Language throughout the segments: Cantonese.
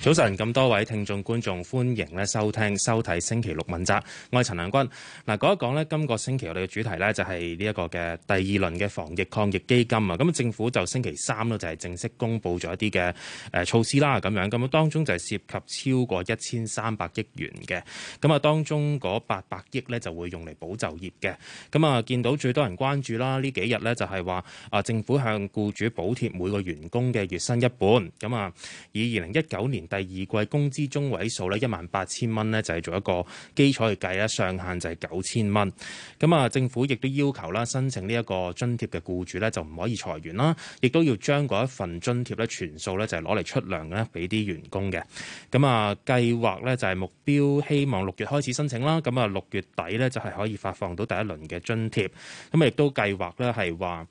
早晨，咁多位聽眾觀眾歡迎咧，收聽收睇星期六問責，我係陳良君。嗱，講一講咧，今個星期我哋嘅主題咧就係呢一個嘅第二輪嘅防疫抗疫基金啊。咁啊，政府就星期三咯，就係正式公布咗一啲嘅、誒措施啦，咁樣咁啊，當中就係涉及超過一千三百億元嘅。咁啊，當中嗰八百億咧就會用嚟補就業嘅。咁啊，見到最多人關注啦，呢幾日咧就係話啊，政府向僱主補貼每個員工嘅月薪一半。咁啊，以二零一九年第二季工資中位數咧一萬八千蚊咧就係做一個基礎嘅計啦，上限就係九千蚊。咁啊，政府亦都要求啦，申請呢一個津貼嘅僱主咧就唔可以裁員啦，亦都要將嗰一份津貼咧全數咧就係攞嚟出糧咧俾啲員工嘅。咁啊，計劃咧就係目標希望六月開始申請啦，咁啊六月底咧就係可以發放到第一輪嘅津貼。咁啊，亦都計劃咧係話，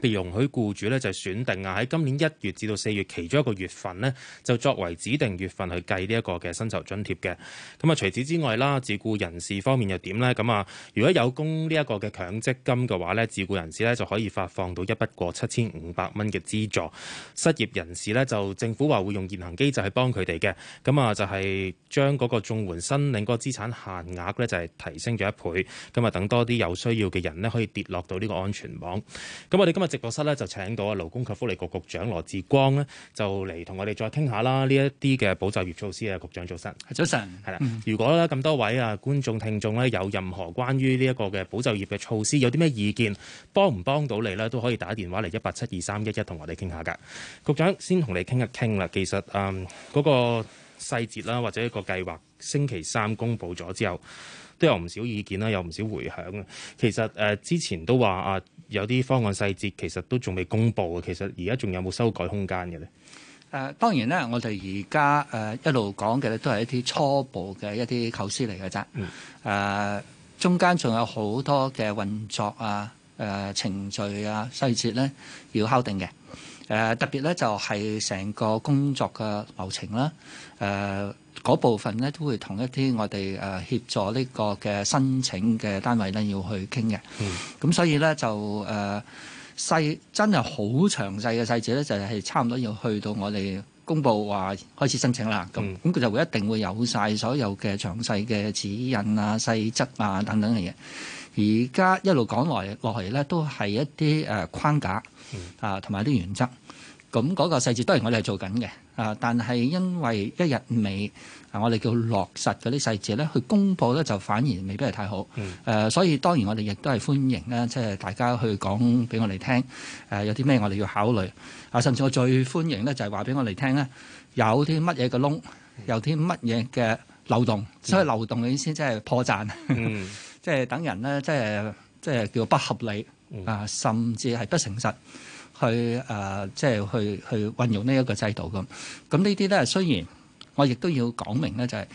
被容許僱主咧就選定啊，喺今年一月至到四月其中一個月份呢，就作為指定月份去計呢一個嘅薪酬津貼嘅。咁啊，除此之外啦，自僱人士方面又點呢？咁啊，如果有供呢一個嘅強積金嘅話呢，自僱人士呢就可以發放到一筆過七千五百蚊嘅資助。失業人士呢，就政府話會用現行機制去幫佢哋嘅。咁啊，就係將嗰個綜援申領嗰個資產限額咧，就係提升咗一倍。咁啊，等多啲有需要嘅人呢，可以跌落到呢個安全網。咁我哋今日。直播室呢，就請到啊勞工及福利局局長羅致光呢就嚟同我哋再傾下啦。呢一啲嘅保就業措施啊，局長早晨。早晨，係啦。如果呢咁多位啊觀眾聽眾呢，有任何關於呢一個嘅保就業嘅措施，有啲咩意見，幫唔幫到你呢，都可以打電話嚟一八七二三一一，同我哋傾下噶。局長先同你傾一傾啦。其實啊，嗰、嗯嗰個細節啦，或者個計劃，星期三公布咗之後。都有唔少意見啦，有唔少回響啊。其實誒、呃、之前都話啊，有啲方案細節其實都仲未公布嘅。其實而家仲有冇修改空間嘅咧？誒、呃、當然咧，我哋而家誒一路講嘅咧都係一啲初步嘅一啲構思嚟嘅啫。誒、呃、中間仲有好多嘅運作啊、誒、呃、程序啊、細節咧要敲定嘅。誒、呃、特別咧就係、是、成個工作嘅流程啦。誒、呃。嗰部分咧都會同一啲我哋誒協助呢個嘅申請嘅單位咧要去傾嘅，咁、嗯、所以咧就誒細、呃、真係好詳細嘅細節咧就係、是、差唔多要去到我哋公佈話開始申請啦，咁咁佢就會一定會有晒所有嘅詳細嘅指引啊、細則啊等等嘅嘢。而家一路講來落嚟咧都係一啲誒框架、嗯、啊同埋啲原則。咁嗰個細節，當然我哋係做緊嘅，啊！但係因為一日未啊，我哋叫落實嗰啲細節咧，去公佈咧就反而未必係太好。誒、嗯呃，所以當然我哋亦都係歡迎咧，即係大家去講俾我哋聽，誒、呃、有啲咩我哋要考慮。啊，甚至我最歡迎咧就係話俾我哋聽咧，有啲乜嘢嘅窿，有啲乜嘢嘅漏洞，所以漏洞嘅意思即係破綻，即係、嗯、 等人咧，即係即係叫不合理啊，甚至係不誠實。去誒、呃，即係去去運用呢一個制度咁。咁呢啲咧，雖然我亦都要講明咧，就係、是、誒、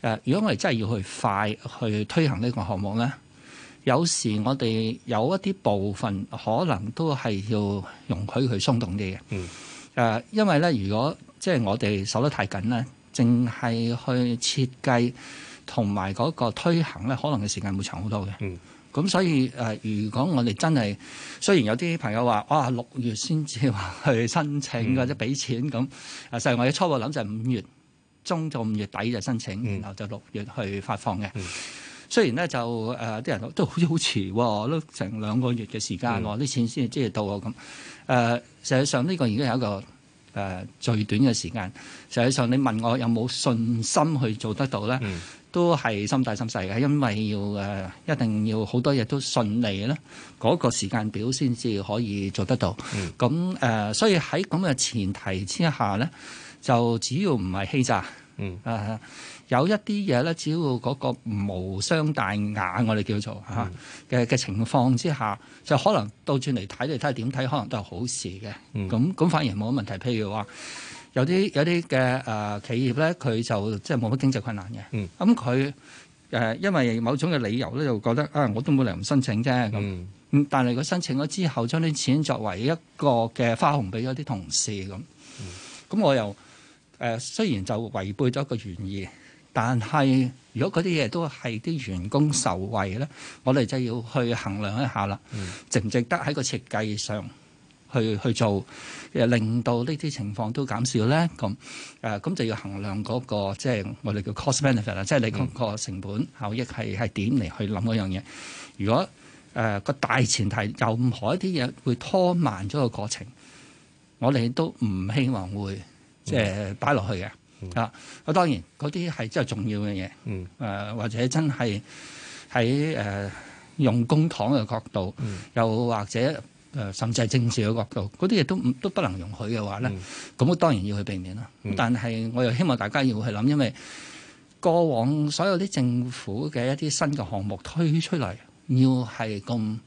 呃，如果我哋真係要去快去推行呢個項目咧，有時我哋有一啲部分可能都係要容許佢鬆動啲嘅。嗯。誒，因為咧，如果即係我哋守得太緊咧，淨係去設計同埋嗰個推行咧，可能嘅時間會長好多嘅。嗯。咁所以誒、呃，如果我哋真係，雖然有啲朋友話，哇、啊，六月先至話去申請或者俾錢咁，誒，實在我嘅初步諗就係五月中到五月底就申請，然後就六月去發放嘅。嗯、雖然咧就誒，啲、呃、人都好似好遲，都成兩個月嘅時間，啲、嗯哦、錢先至即係到咁。誒、呃，實際上呢個已經係一個誒、呃、最短嘅時間。實際上你問我有冇信心去做得到咧？嗯都係心大心細嘅，因為要誒一定要好多嘢都順利咧，嗰、那個時間表先至可以做得到。咁誒、嗯呃，所以喺咁嘅前提之下咧，就只要唔係欺詐，誒、嗯呃、有一啲嘢咧，只要嗰個唔無傷大雅，我哋叫做嚇嘅嘅情況之下，就可能倒轉嚟睇你睇下點睇，可能都係好事嘅。咁咁、嗯、反而冇乜問題。譬如話。有啲有啲嘅誒企業咧，佢就即係冇乜經濟困難嘅。咁佢誒因為某種嘅理由咧，就覺得啊、哎，我都冇理由唔申請啫。咁、嗯、但係佢申請咗之後，將啲錢作為一個嘅花紅俾咗啲同事咁。咁、嗯、我又誒、呃、雖然就違背咗一個原意，但係如果嗰啲嘢都係啲員工受惠咧，我哋就要去衡量一下啦，嗯、值唔值得喺個設計上。去去做，誒令到呢啲情況都減少咧。咁誒咁就要衡量嗰、那個即係、就是、我哋叫 cost benefit 啊、嗯，即係你嗰個成本效益係係點嚟去諗嗰樣嘢。如果誒個、呃、大前提任何一啲嘢會拖慢咗個過程，我哋都唔希望會即係擺落去嘅。嗯、啊，咁當然嗰啲係真係重要嘅嘢。誒、嗯、或者真係喺誒用公帑嘅角度、嗯，又或者。誒，甚至係政治嘅角度，嗰啲嘢都唔都不能容許嘅話咧，咁我、嗯、當然要去避免啦。嗯、但係我又希望大家要去諗，因為過往所有啲政府嘅一啲新嘅項目推出嚟，要係咁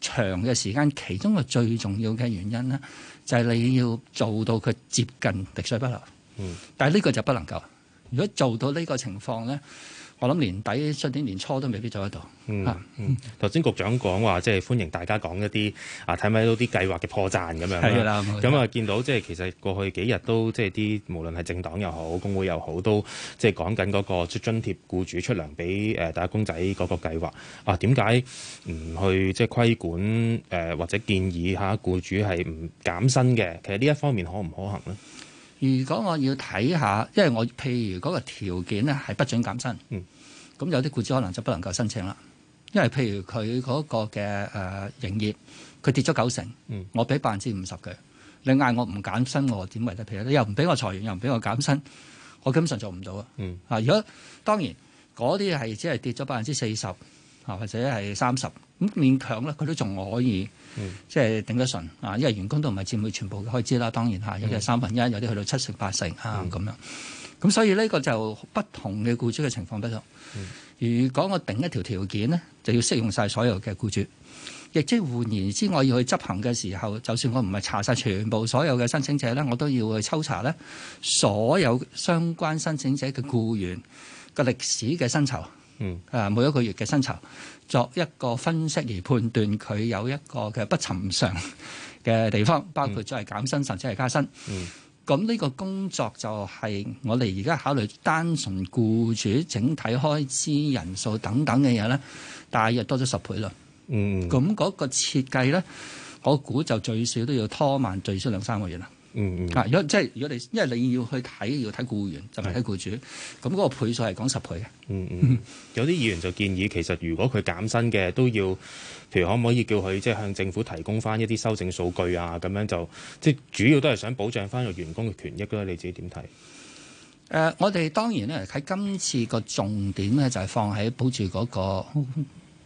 長嘅時間，其中個最重要嘅原因咧，就係你要做到佢接近滴水不流。嗯，但係呢個就不能夠。如果做到呢個情況咧。我諗年底、出年年初都未必做得到。嗯，頭、嗯、先局長講話，即係歡迎大家講一啲啊，睇咪到啲計劃嘅破綻咁、嗯、樣啦。咁啊，見到即係其實過去幾日都即係啲無論係政黨又好、工會又好，都即係講緊嗰個津貼、僱主出糧俾誒、呃、打工仔嗰個計劃。啊，點解唔去即係規管誒、呃，或者建議吓僱主係唔減薪嘅？其實呢一方面可唔可行呢？如果我要睇下，因為我譬如嗰個條件咧係不准減薪，咁、嗯、有啲僱主可能就不能夠申請啦。因為譬如佢嗰個嘅誒、呃、營業，佢跌咗九成，嗯、我俾百分之五十佢，你嗌我唔減薪，我點為得？譬如你又唔俾我裁員，又唔俾我減薪，我根本上做唔到啊。啊、嗯，如果當然嗰啲係只係跌咗百分之四十啊，或者係三十，咁勉強咧，佢都仲可以。即係頂得順啊！因為員工都唔係佔佢全部嘅開支啦，當然嚇有啲係三分一，有啲去到七成八成啊咁、嗯、樣。咁所以呢個就不同嘅僱主嘅情況不同。如果我定一條條件呢，就要適用晒所有嘅僱主。亦即係換言之，我要去執行嘅時候，就算我唔係查晒全部所有嘅申請者咧，我都要去抽查咧所有相關申請者嘅僱員嘅歷史嘅薪酬。嗯，誒，每一個月嘅薪酬作一個分析而判斷佢有一個嘅不尋常嘅地方，包括咗係減薪，甚至係加薪。嗯，咁呢個工作就係我哋而家考慮單純僱主整體開支、人數等等嘅嘢咧，大約多咗十倍啦。嗯，咁嗰個設計咧，我估就最少都要拖慢最少兩三個月啦。嗯嗯，啊，如果即係如果你，因為你要去睇，要睇僱員，就唔係睇僱主，咁嗰是個倍數係講十倍嘅、嗯。嗯嗯，有啲議員就建議，其實如果佢減薪嘅，都要，譬如可唔可以叫佢即係向政府提供翻一啲修正數據啊？咁樣就，即係主要都係想保障翻個員工嘅權益咯。你自己點睇？誒、呃，我哋當然咧，喺今次個重點咧，就係、是、放喺保住嗰、那個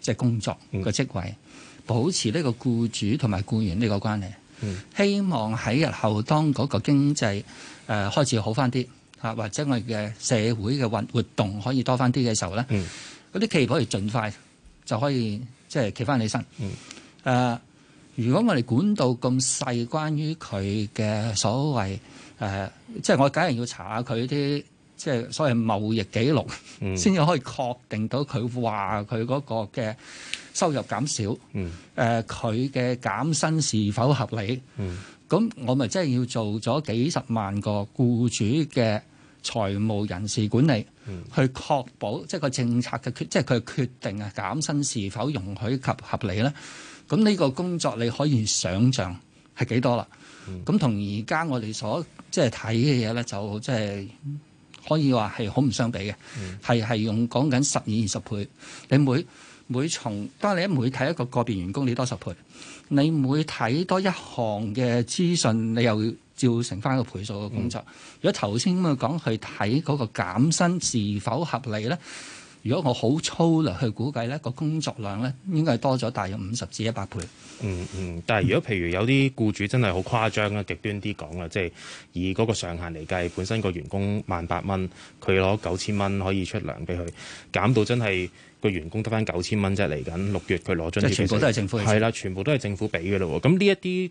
即係、就是、工作嘅職位，嗯、保持呢個僱主同埋僱員呢個關係。嗯、希望喺日後當嗰個經濟誒、呃、開始好返啲，吓或者我哋嘅社會嘅運活動可以多返啲嘅時候咧，嗰啲、嗯、企業可以盡快就可以即係企返起身。誒、嗯呃，如果我哋管到咁細，關於佢嘅所謂誒、呃，即係我梗係要查下佢啲。即係所謂貿易記錄，先至、嗯、可以確定到佢話佢嗰個嘅收入減少。誒、嗯，佢嘅、呃、減薪是否合理？咁、嗯、我咪真係要做咗幾十萬個僱主嘅財務人事管理，嗯、去確保即係個政策嘅決，即係佢決定啊減薪是否容許及合理咧？咁呢個工作你可以想象係幾多啦？咁同而家我哋所即係睇嘅嘢咧，就即係。可以話係好唔相比嘅，係係、嗯、用講緊十二二十倍。你每每從當你每睇一個個別員工，你多十倍；你每睇多一項嘅資訊，你又要照成翻一個倍數嘅工作。嗯、如果頭先咁樣講，去睇嗰個減薪是否合理咧？如果我好粗略去估計咧，個工作量咧應該係多咗大約五十至一百倍。嗯嗯，但係如果譬如有啲僱主真係好誇張啊，極端啲講啊，即係以嗰個上限嚟計，本身個員工萬八蚊，佢攞九千蚊可以出糧俾佢，減到真係個員工得翻九千蚊啫，即係。嚟緊六月佢攞津貼。即係全部都係政府。係啦，全部都係政府俾嘅咯。咁呢一啲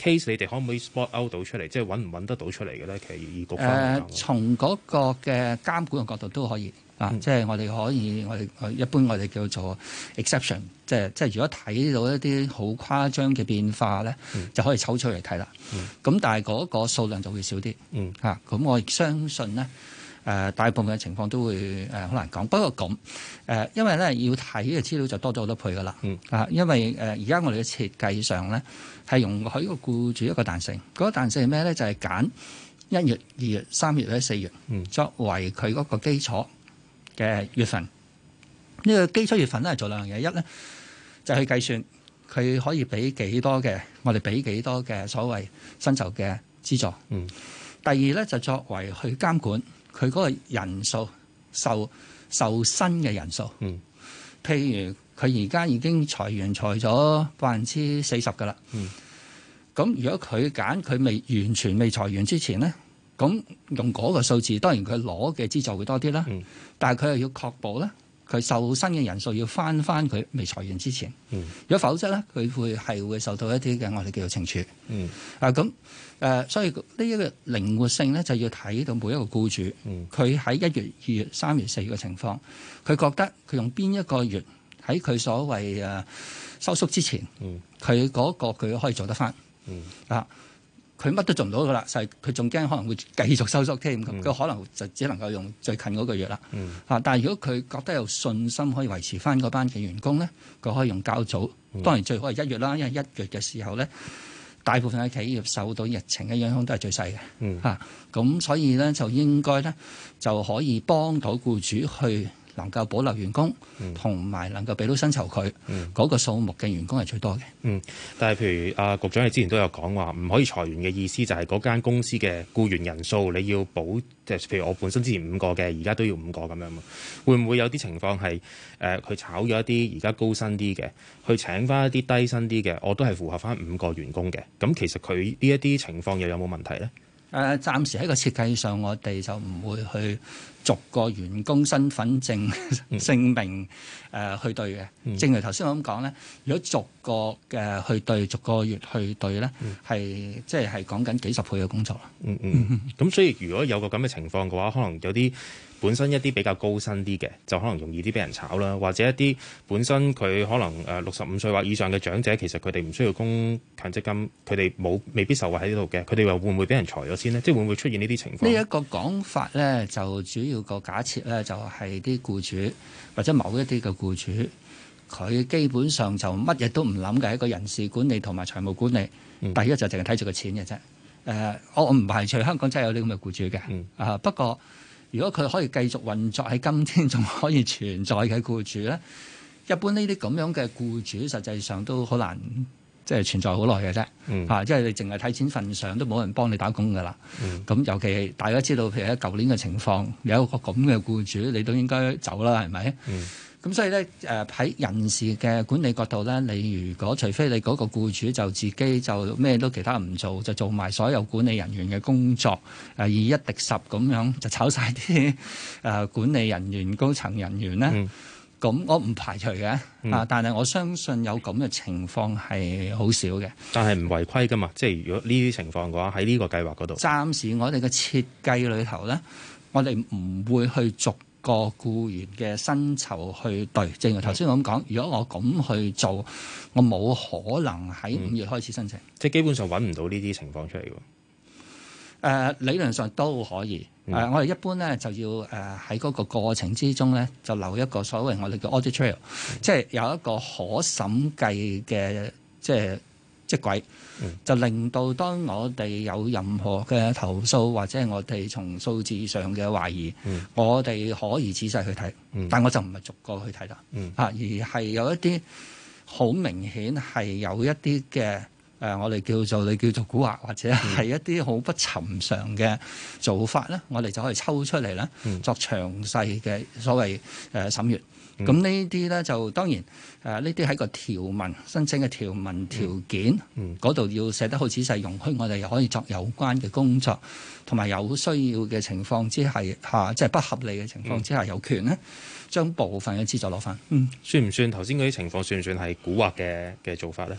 case，你哋可唔可以 spot out 到出嚟？即係揾唔揾得到出嚟嘅咧？其實以局方嚟講。誒、呃，從嗰個嘅監管嘅角度都可以。啊！即係我哋可以，我哋一般我哋叫做 exception，即係即係如果睇到一啲好誇張嘅變化咧，嗯、就可以抽出嚟睇啦。咁、嗯、但係嗰個數量就會少啲。嚇、嗯！咁、啊、我亦相信咧，誒、呃、大部分嘅情況都會誒好難講。不過咁誒、呃，因為咧要睇嘅資料就多咗好多倍噶啦。嚇、嗯啊！因為誒而家我哋嘅設計上咧係用佢一個僱主一個彈性，嗰個彈性係咩咧？就係揀一月、二月、三月或者四月，月、嗯、作為佢嗰個基礎。嘅月、這個、月份呢個基礎月份咧係做兩樣嘢，一咧就是、去計算佢可以俾幾多嘅，我哋俾幾多嘅所謂薪酬嘅資助。嗯，第二咧就作為去監管佢嗰個人數受受薪嘅人數。嗯，譬如佢而家已經裁員裁咗百分之四十噶啦。嗯，咁如果佢揀佢未完全未裁員之前咧？咁用嗰個數字，當然佢攞嘅資助會多啲啦，嗯、但係佢又要確保咧，佢受薪嘅人數要翻翻佢未裁員之前。如果、嗯、否則咧，佢會係會受到一啲嘅我哋叫做懲處。嗯、啊，咁、呃、誒，所以呢一個靈活性咧，就要睇到每一個僱主，佢喺一月、二月、三月、四月嘅情況，佢覺得佢用邊一個月喺佢所謂誒、呃、收縮之前，佢嗰、嗯、個佢可以做得翻啊。嗯佢乜都做唔到噶啦，就係佢仲驚可能會繼續收縮添，佢可能就只能夠用最近嗰個月啦。嚇、嗯！但係如果佢覺得有信心可以維持翻嗰班嘅員工咧，佢可以用較早，當然最好係一月啦，因為一月嘅時候咧，大部分嘅企業受到疫情嘅影響都係最細嘅。嚇、嗯！咁、啊、所以咧就應該咧就可以幫到僱主去。能夠保留員工，同埋能夠俾到薪酬佢嗰、嗯、個數目嘅員工係最多嘅。嗯，但係譬如啊，局長你之前都有講話，唔可以裁員嘅意思就係嗰間公司嘅僱員人數你要保，即譬如我本身之前五個嘅，而家都要五個咁樣啊。會唔會有啲情況係誒佢炒咗一啲而家高薪啲嘅，去請翻一啲低薪啲嘅？我都係符合翻五個員工嘅。咁其實佢呢一啲情況又有冇問題呢？誒暫時喺個設計上，我哋就唔會去逐個員工身份證姓名誒去對嘅。嗯、正如頭先我咁講咧，如果逐個嘅、呃、去對，逐個月去對咧，係即係係講緊幾十倍嘅工作啦、嗯。嗯嗯，咁所以如果有個咁嘅情況嘅話，可能有啲。本身一啲比較高薪啲嘅，就可能容易啲俾人炒啦，或者一啲本身佢可能誒六十五歲或以上嘅長者，其實佢哋唔需要供強積金，佢哋冇未必受惠喺呢度嘅，佢哋話會唔會俾人裁咗先呢？即係會唔會出現呢啲情況？呢一個講法咧，就主要個假設咧，就係啲僱主或者某一啲嘅僱主，佢基本上就乜嘢都唔諗嘅，一個人事管理同埋財務管理，嗯、第一就淨係睇住個錢嘅啫。誒、呃，我唔排除香港真係有啲咁嘅僱主嘅。嗯、啊，不過。如果佢可以繼續運作喺今天仲可以存在嘅僱主咧，一般呢啲咁樣嘅僱主，實際上都好難即係存在好耐嘅啫，嚇、嗯啊！即係你淨係睇錢份上，都冇人幫你打工噶啦。咁、嗯、尤其係大家知道，譬如喺舊年嘅情況，有一個咁嘅僱主，你都應該走啦，係咪？嗯。咁所以咧，誒喺人事嘅管理角度咧，你如果除非你嗰個僱主就自己就咩都其他唔做，就做埋所有管理人員嘅工作，誒以一敵十咁樣就炒曬啲誒管理人員、高層人員咧。咁我唔排除嘅，啊，但係我相信有咁嘅情況係好少嘅。但係唔違規噶嘛，即係如果呢啲情況嘅話，喺呢個計劃嗰度，暫時我哋嘅設計裏頭咧，我哋唔會去逐個僱員嘅薪酬去對，正如頭先我咁講，如果我咁去做，我冇可能喺五月開始申請，嗯、即係基本上揾唔到呢啲情況出嚟嘅。誒、呃、理論上都可以，誒、呃、我哋一般咧就要誒喺嗰個過程之中咧，就留一個所謂我哋叫 audit trail，嗯、即係有一個可審計嘅即係。即係鬼，就令到當我哋有任何嘅投訴或者我哋從數字上嘅懷疑，嗯、我哋可以仔細去睇。嗯、但我就唔係逐個去睇啦，嚇、嗯，而係有一啲好明顯係有一啲嘅誒，我哋叫做你叫做蠱惑，或者係一啲好不尋常嘅做法咧，我哋就可以抽出嚟咧，作詳細嘅所謂誒審閱。咁、嗯、呢啲咧就當然，誒呢啲喺個條文申請嘅條文條件嗰度，嗯嗯、要寫得好仔細，容許我哋又可以作有關嘅工作，同埋有，有需要嘅情況之係下，即係不合理嘅情況之下，啊就是，之下有權咧將部分嘅資助攞翻。嗯，算唔算頭先嗰啲情況？算唔算係蠱惑嘅嘅做法咧？誒、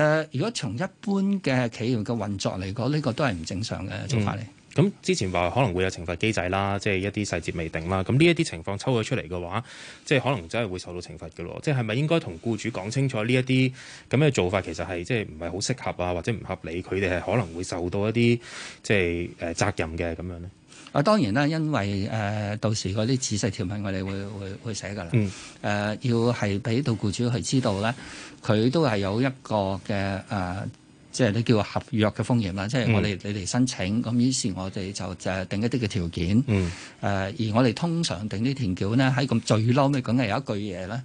呃，如果從一般嘅企業嘅運作嚟講，呢、這個都係唔正常嘅做法嚟。嗯咁之前話可能會有懲罰機制啦，即係一啲細節未定啦。咁呢一啲情況抽咗出嚟嘅話，即係可能真係會受到懲罰嘅咯。即係係咪應該同僱主講清楚呢一啲咁嘅做法其實係即係唔係好適合啊，或者唔合理？佢哋係可能會受到一啲即係誒、呃、責任嘅咁樣呢，啊，當然啦，因為誒、呃、到時嗰啲仔細條文我哋會會會寫㗎啦。誒、嗯呃、要係俾到僱主去知道咧，佢都係有一個嘅誒。呃即係你叫合約嘅風險啦。即係我哋你嚟申請咁，於是，我哋就就定一啲嘅條件。嗯。誒，而我哋通常定啲田橋呢，喺咁最嬲尾，梗係有一句嘢啦。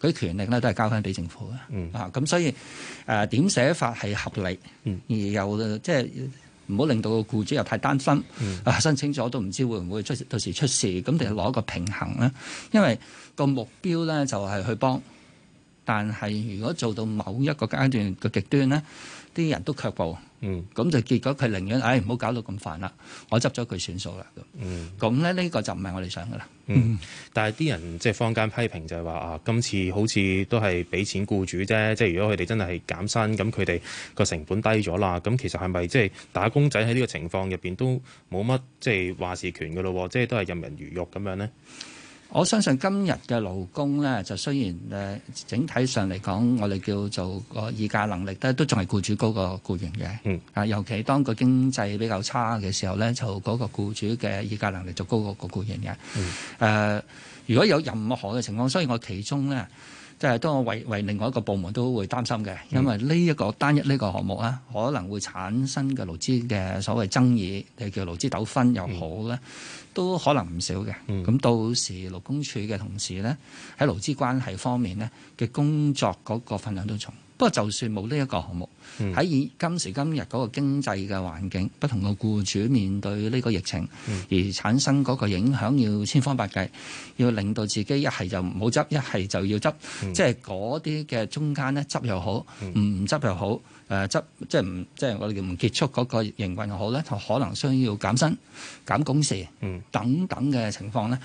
嗰啲權力咧都係交翻俾政府嘅。嗯。啊，咁所以誒點寫法係合理，嗯，而又即係唔好令到個僱主又太擔心。嗯。啊，申請咗都唔知會唔會出到時出事，咁定係攞一個平衡咧？因為個目標咧就係去幫，但係如果做到某一個階段嘅極端咧。啲人都卻步，咁就、嗯、結果佢寧願，唉、哎，唔好搞到咁煩啦，我執咗佢算數啦。咁、嗯，咁咧呢個就唔係我哋想噶啦、嗯。但係啲人即係坊間批評就係話啊，今次好似都係俾錢僱主啫。即係如果佢哋真係減薪，咁佢哋個成本低咗啦。咁其實係咪即係打工仔喺呢個情況入邊都冇乜即係話事權噶咯？即係都係任人魚肉咁樣呢？我相信今日嘅勞工咧，就雖然誒、呃、整體上嚟講，我哋叫做個、呃、議價能力咧，都仲係僱主高過僱員嘅。嗯。啊，尤其當個經濟比較差嘅時候咧，就嗰個僱主嘅議價能力就高過個僱員嘅。嗯。誒、呃。如果有任何嘅情況，所以我其中咧，即係當我為為另外一個部門都會擔心嘅，因為呢一個單一呢個項目咧，可能會產生嘅勞資嘅所謂爭議，係叫勞資糾紛又好咧，嗯、都可能唔少嘅。咁、嗯、到時勞工處嘅同事咧，喺勞資關係方面咧嘅工作嗰個份量都重。不過，就算冇呢一個項目，喺、嗯、今時今日嗰個經濟嘅環境，不同嘅僱主面對呢個疫情、嗯、而產生嗰個影響，要千方百計，要令到自己一係就唔好執，一係就要執，即係嗰啲嘅中間咧執又好，唔執又好，誒、呃、執即係唔即係我哋叫唔結束嗰個營運又好咧，就可能需要減薪、減工時、嗯、等等嘅情況咧。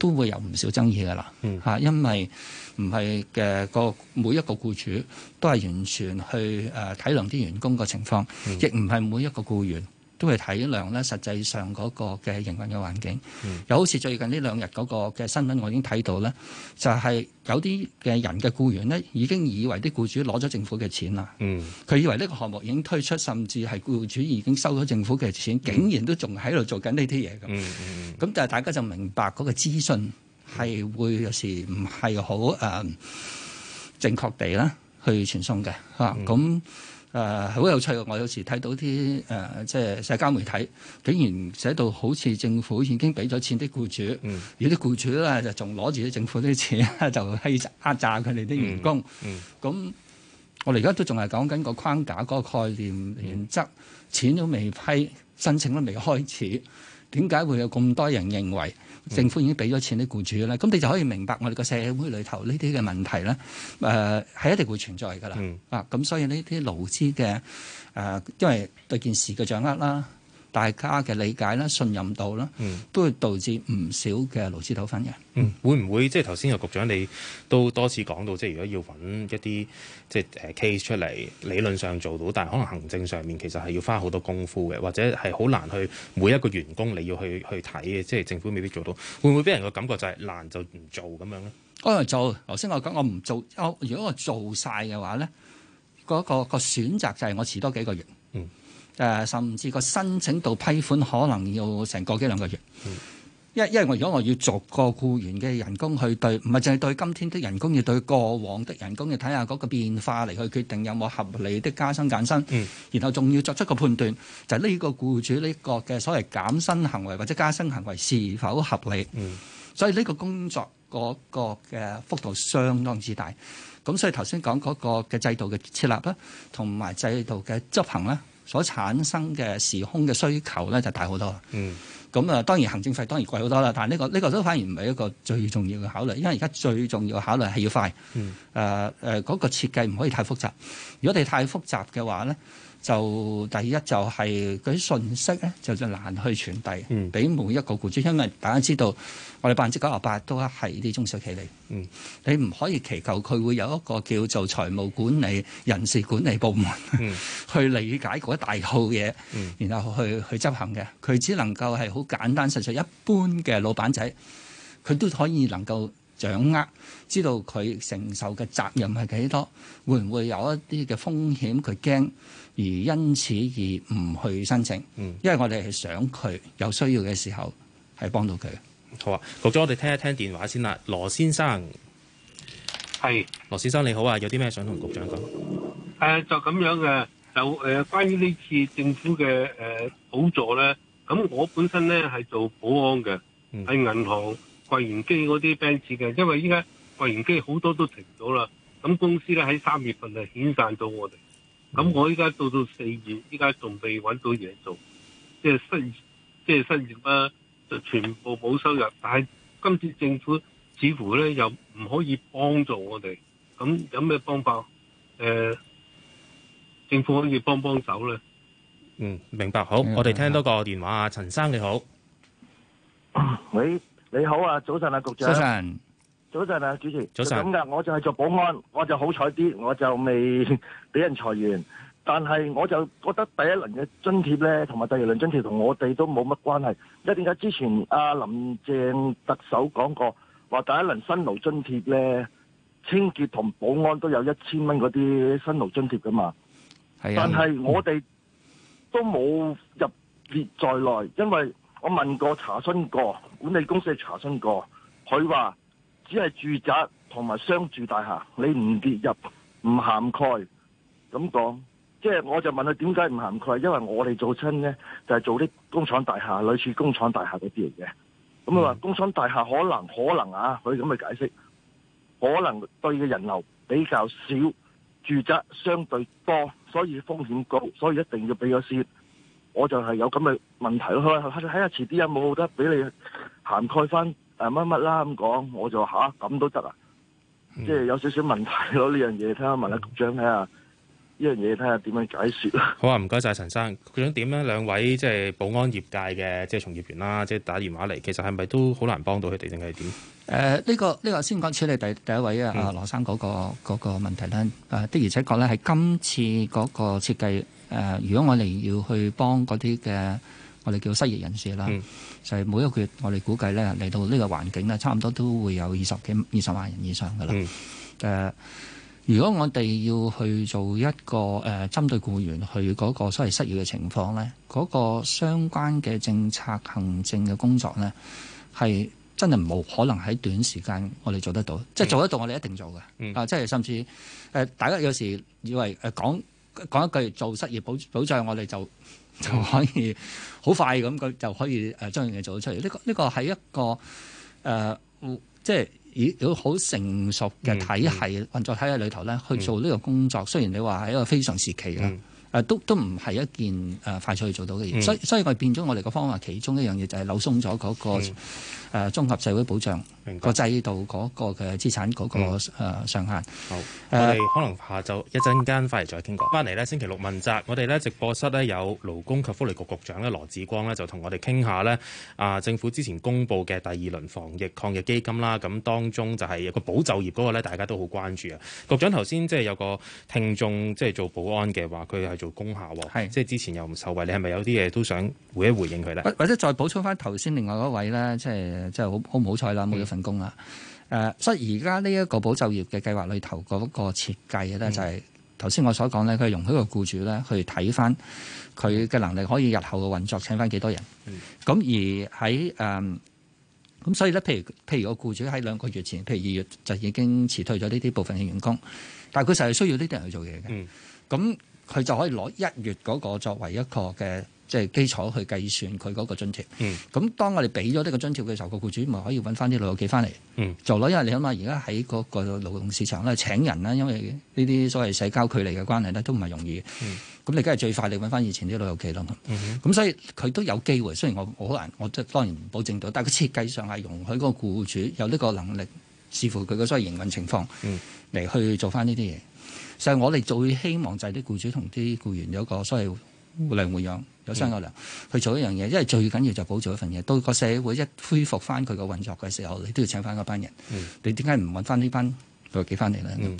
都會有唔少爭議㗎喇，嚇，嗯、因為唔係嘅個每一個僱主都係完全去誒體諒啲員工個情況，亦唔係每一個僱員。都係體諒咧，實際上嗰個嘅營運嘅環境，嗯、又好似最近呢兩日嗰個嘅新聞，我已經睇到咧，就係、是、有啲嘅人嘅僱員咧，已經以為啲僱主攞咗政府嘅錢啦，佢、嗯、以為呢個項目已經推出，甚至係僱主已經收咗政府嘅錢，竟然都仲喺度做緊呢啲嘢咁。咁但係、嗯嗯嗯、大家就明白嗰個資訊係會有時唔係好誒正確地啦去傳送嘅嚇咁。誒好、呃、有趣嘅，我有時睇到啲誒、呃，即係社交媒體，竟然寫到好似政府已經俾咗錢啲僱主，嗯、而啲僱主咧就仲攞住啲政府啲錢啊，就欺壓榨佢哋啲員工。咁、嗯嗯、我哋而家都仲係講緊個框架、個概念、嗯、原則，錢都未批，申請都未開始。點解會有咁多人認為政府已經俾咗錢啲僱主咧？咁、嗯、你就可以明白我哋個社會裏頭呢啲嘅問題咧，誒、呃、係一定會存在㗎啦。嗯、啊，咁所以呢啲勞資嘅誒、呃，因為對件事嘅掌握啦。大家嘅理解啦、信任度啦，嗯、都會導致唔少嘅勞資糾紛嘅。會唔會即係頭先個局長你都多次講到，即係如果要揾一啲即係誒 case 出嚟，理論上做到，但係可能行政上面其實係要花好多功夫嘅，或者係好難去每一個員工你要去去睇嘅，即係政府未必做到。會唔會俾人個感覺就係難就唔做咁樣咧？嗰個就頭先我講，我唔做。我如果我做晒嘅話咧，嗰個、嗰個選擇就係我遲多幾個月。嗯。誒，甚至個申請到批款可能要成個幾兩個月，因因為我如果我要逐個僱員嘅人工去對，唔係淨係對今天的人工，要對過往的人工，要睇下嗰個變化嚟去決定有冇合理的加薪減薪，然後仲要作出個判斷，就係呢個僱主呢個嘅所謂減薪行為或者加薪行為是否合理。所以呢個工作嗰個嘅幅度相當之大，咁所以頭先講嗰個嘅制度嘅設立啦，同埋制度嘅執行啦。所產生嘅時空嘅需求咧就大好多，咁啊、嗯、當然行政費當然貴好多啦，但係、呢個、呢個呢、呢個都反而唔係一個最重要嘅考慮，因為而家最重要嘅考慮係要快，誒誒嗰個設計唔可以太複雜，如果你太複雜嘅話咧，就第一就係嗰啲信息咧，就難去傳遞，俾、嗯、每一個僱主。因為大家知道，我哋百分之九十八都係啲中小企嚟，嗯、你唔可以祈求佢會有一個叫做財務管理、人事管理部門、嗯、 去理解嗰一大套嘢，然後去去執行嘅。佢只能夠係好簡單實在、實際一般嘅老闆仔，佢都可以能夠掌握，知道佢承受嘅責任係幾多，會唔會有一啲嘅風險，佢驚。而因此而唔去申請，因為我哋係想佢有需要嘅時候係幫到佢。嗯、好啊，局長，我哋聽一聽電話先啦。羅先生，係羅是先生你好啊，有啲咩想同局長講？誒就咁樣嘅，就誒、呃、關於呢次政府嘅誒、呃、補助咧，咁我本身咧係做保安嘅，喺銀、嗯、行櫃員機嗰啲 bank 嘅，因為依家櫃員機好多都停咗啦，咁公司咧喺三月份就遣散咗我哋。咁我依家到到四月，依家仲未揾到嘢做，即係失業，即係失業啦，就全部冇收入。但係今次政府似乎咧又唔可以幫助我哋，咁有咩方法？誒，政府可以幫幫手咧？嗯，明白。好，我哋聽多個電話啊，陳生你好。喂，你好啊，早晨啊，局長。早晨。早晨啊，主持。就咁噶，我就係做保安，我就好彩啲，我就未俾人裁員。但係我就覺得第一輪嘅津貼咧，同埋第二輪津貼同我哋都冇乜關係。因為點解之前阿林鄭特首講過，話第一輪新勞津貼咧，清潔同保安都有一千蚊嗰啲新勞津貼噶嘛。啊、但係我哋都冇入列在內，因為我問過、查詢過，管理公司查詢過，佢話。只係住宅同埋商住大廈，你唔列入、唔涵蓋咁講，即係我就問佢點解唔涵蓋？因為我哋做親咧就係、是、做啲工廠大廈，類似工廠大廈嗰啲嚟嘅。咁佢話工廠大廈可能可能，可能啊，佢咁嘅解釋，可能對嘅人流比較少，住宅相對多，所以風險高，所以一定要俾咗先。我就係有咁嘅問題咯。佢話睇下遲啲有冇得俾你涵蓋翻。乜乜啦咁講，我就話嚇咁都得啊！即係有少少問題咯，呢樣嘢睇下問下局長睇下，呢樣嘢睇下點樣解説。好啊，唔該晒陳生，局長點咧？兩位即係保安業界嘅即係從業員啦，即係打電話嚟，其實係咪都好難幫到佢哋定係點？誒呢個呢個先講處理第第一位、嗯、啊！阿羅生嗰個嗰個問題咧，誒的而且確咧係今次嗰個設計誒，如果我哋要去幫嗰啲嘅。我哋叫失業人士啦，嗯、就係每一個月我哋估計咧嚟到呢個環境咧，差唔多都會有二十幾二十萬人以上噶啦。誒、嗯呃，如果我哋要去做一個誒、呃、針對僱員去嗰個所謂失業嘅情況咧，嗰、嗰個相關嘅政策行政嘅工作咧，係真係冇可能喺短時間我哋做得到。嗯、即係做得到，我哋一定做嘅。嗯、啊，即係甚至誒、呃，大家有時以為誒、呃、講講一句做失業保保障，我哋就～ 就可以好快咁，佢就可以誒將樣嘢做到出嚟。呢個呢個係一個誒、呃，即係已好成熟嘅體系運、嗯、作體系裏頭咧，去做呢個工作。雖然你話係一個非常時期啦，誒、呃、都都唔係一件誒快速去做到嘅嘢。所以所以變我變咗我哋個方法，其中一樣嘢就係扭鬆咗嗰個綜合社會保障。個制度嗰個嘅資產嗰個誒上限、嗯。好，我哋可能下晝一陣間翻嚟再傾過。翻嚟、呃、呢星期六問責，我哋呢直播室呢，有勞工及福利局局、局長呢羅致光呢，就同我哋傾下呢啊，政府之前公布嘅第二輪防疫抗疫基金啦，咁當中就係有個保就業嗰個咧，大家都好關注啊。局長頭先即係有個聽眾即係做保安嘅話，佢係做工廈喎，是即係之前又唔受惠，你係咪有啲嘢都想回一回應佢呢？或者再補充翻頭先另外嗰位呢？即係即係好好唔好彩啦，okay. 工啦，誒，所以而家呢一個保就業嘅計劃裏頭嗰個設計咧，就係頭先我所講咧，佢係容許個僱主咧去睇翻佢嘅能力可以日後嘅運作，請翻幾多人。咁、嗯、而喺誒，咁、嗯、所以咧，譬如譬如個僱主喺兩個月前，譬如二月就已經辭退咗呢啲部分嘅員工，但係佢就係需要呢啲人去做嘢嘅。咁佢、嗯、就可以攞一月嗰個作為一個嘅。即係基礎去計算佢嗰個津貼。咁、嗯、當我哋俾咗呢個津貼嘅時候，個僱主咪可以揾翻啲老友記翻嚟、嗯、做咯。因為你諗下，而家喺嗰個勞動市場咧，請人咧，因為呢啲所謂社交距離嘅關係咧，都唔係容易。咁、嗯嗯、你梗係最快，你揾翻以前啲老友記咯。咁、嗯、哼所以佢都有機會。雖然我好難，我即係當然唔保證到，但係個設計上係容許嗰個僱主有呢個能力，視乎佢嘅所謂營運情況嚟、嗯、去做翻呢啲嘢。所以我哋最希望就係啲僱主同啲僱員有個所謂。互嚟互養，有三有糧去做一樣嘢，因為最緊要就保住一份嘢。到個社會一恢復翻佢個運作嘅時候，你都要請翻嗰班人。嗯、你點解唔搵翻呢班幾翻嚟咧？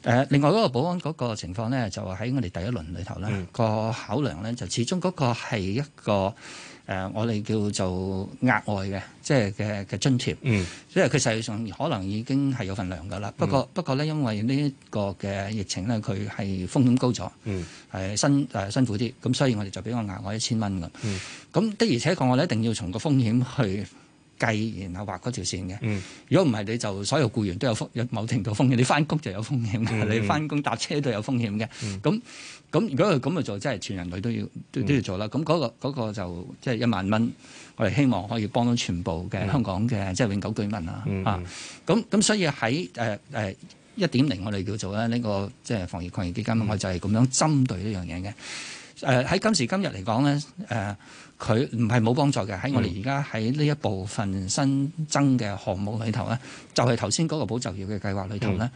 誒、嗯，另外嗰個保安嗰個情況咧，就喺我哋第一輪裏頭咧，嗯、個考量咧，就始終嗰個係一個。誒、呃，我哋叫做額外嘅，即係嘅嘅津貼。嗯，因為佢實際上可能已經係有份糧噶啦。不過、嗯、不過咧，因為呢個嘅疫情咧，佢係風險高咗。嗯，係辛誒、呃、辛苦啲，咁所以我哋就畀我額外一千蚊嘅。嗯，咁的而且確，我哋一定要從個風險去。計然後畫嗰條線嘅。如果唔係你就所有僱員都有風有某程度風險，你翻工就有風險，嗯、你翻工搭車都有風險嘅。咁咁、嗯、如果佢咁嘅做，即係全人類都要都要做啦。咁嗰、嗯那個那個就即係、就是、一萬蚊，我哋希望可以幫到全部嘅香港嘅、嗯、即係永久居民啦。嗯、啊，咁咁所以喺誒誒一點零，呃呃、我哋叫做咧呢個即係防疫抗疫基金，嗯、我就係咁樣針對呢樣嘢嘅。誒、呃、喺今時今日嚟講咧，誒、呃。呃呃呃佢唔係冇幫助嘅，喺我哋而家喺呢一部分新增嘅項目裏頭咧，就係頭先嗰個保就業嘅計劃裏頭咧，嗯、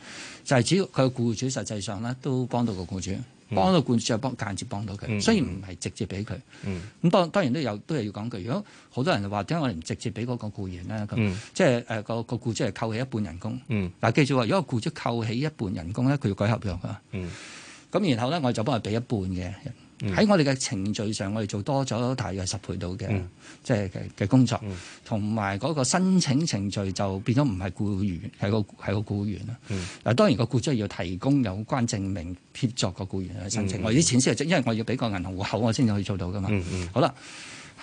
就係只要佢嘅僱主實際上咧都幫到個僱主，幫到僱主就幫間接幫到佢，雖然唔係直接俾佢。咁當、嗯、當然都有都係要講句，如果好多人就話，點解我哋唔直接俾嗰個僱員咧？咁、嗯、即係誒個個僱主係扣起一半人工。嗱、嗯啊，記住話，如果個僱主扣起一半人工咧，佢要改合約㗎。咁、嗯、然後咧，我就幫佢俾一半嘅。喺我哋嘅程序上，我哋做多咗大約十倍到嘅，即係嘅嘅工作，同埋嗰個申請程序就變咗唔係雇員，係個係個僱員啦。嗱、嗯，當然個僱主要提供有關證明協助個僱員去申請，嗯、我啲錢先係，因為我要俾個銀行戶口，我先至可以做到噶嘛。嗯嗯、好啦，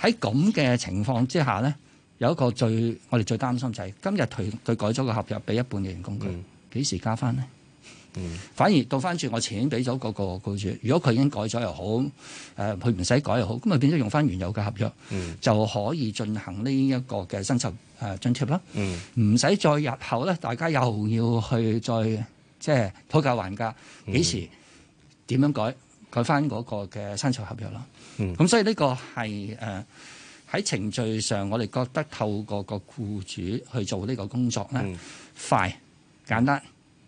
喺咁嘅情況之下咧，有一個最我哋最擔心就係今日佢佢改咗個合約，俾一半嘅員工佢，幾、嗯、時加翻咧？嗯，反而倒翻轉，我前已經俾咗個個僱主，如果佢已經改咗又好，誒佢唔使改又好，咁咪變咗用翻原有嘅合約，嗯、就可以進行呢一個嘅薪酬誒津貼啦。嗯，唔使再日後咧，大家又要去再即係討價還價，幾時點樣改改翻嗰個嘅薪酬合約咯？咁、嗯、所以呢個係誒喺程序上，我哋覺得透過個僱主去做呢個工作咧，快、嗯、簡單，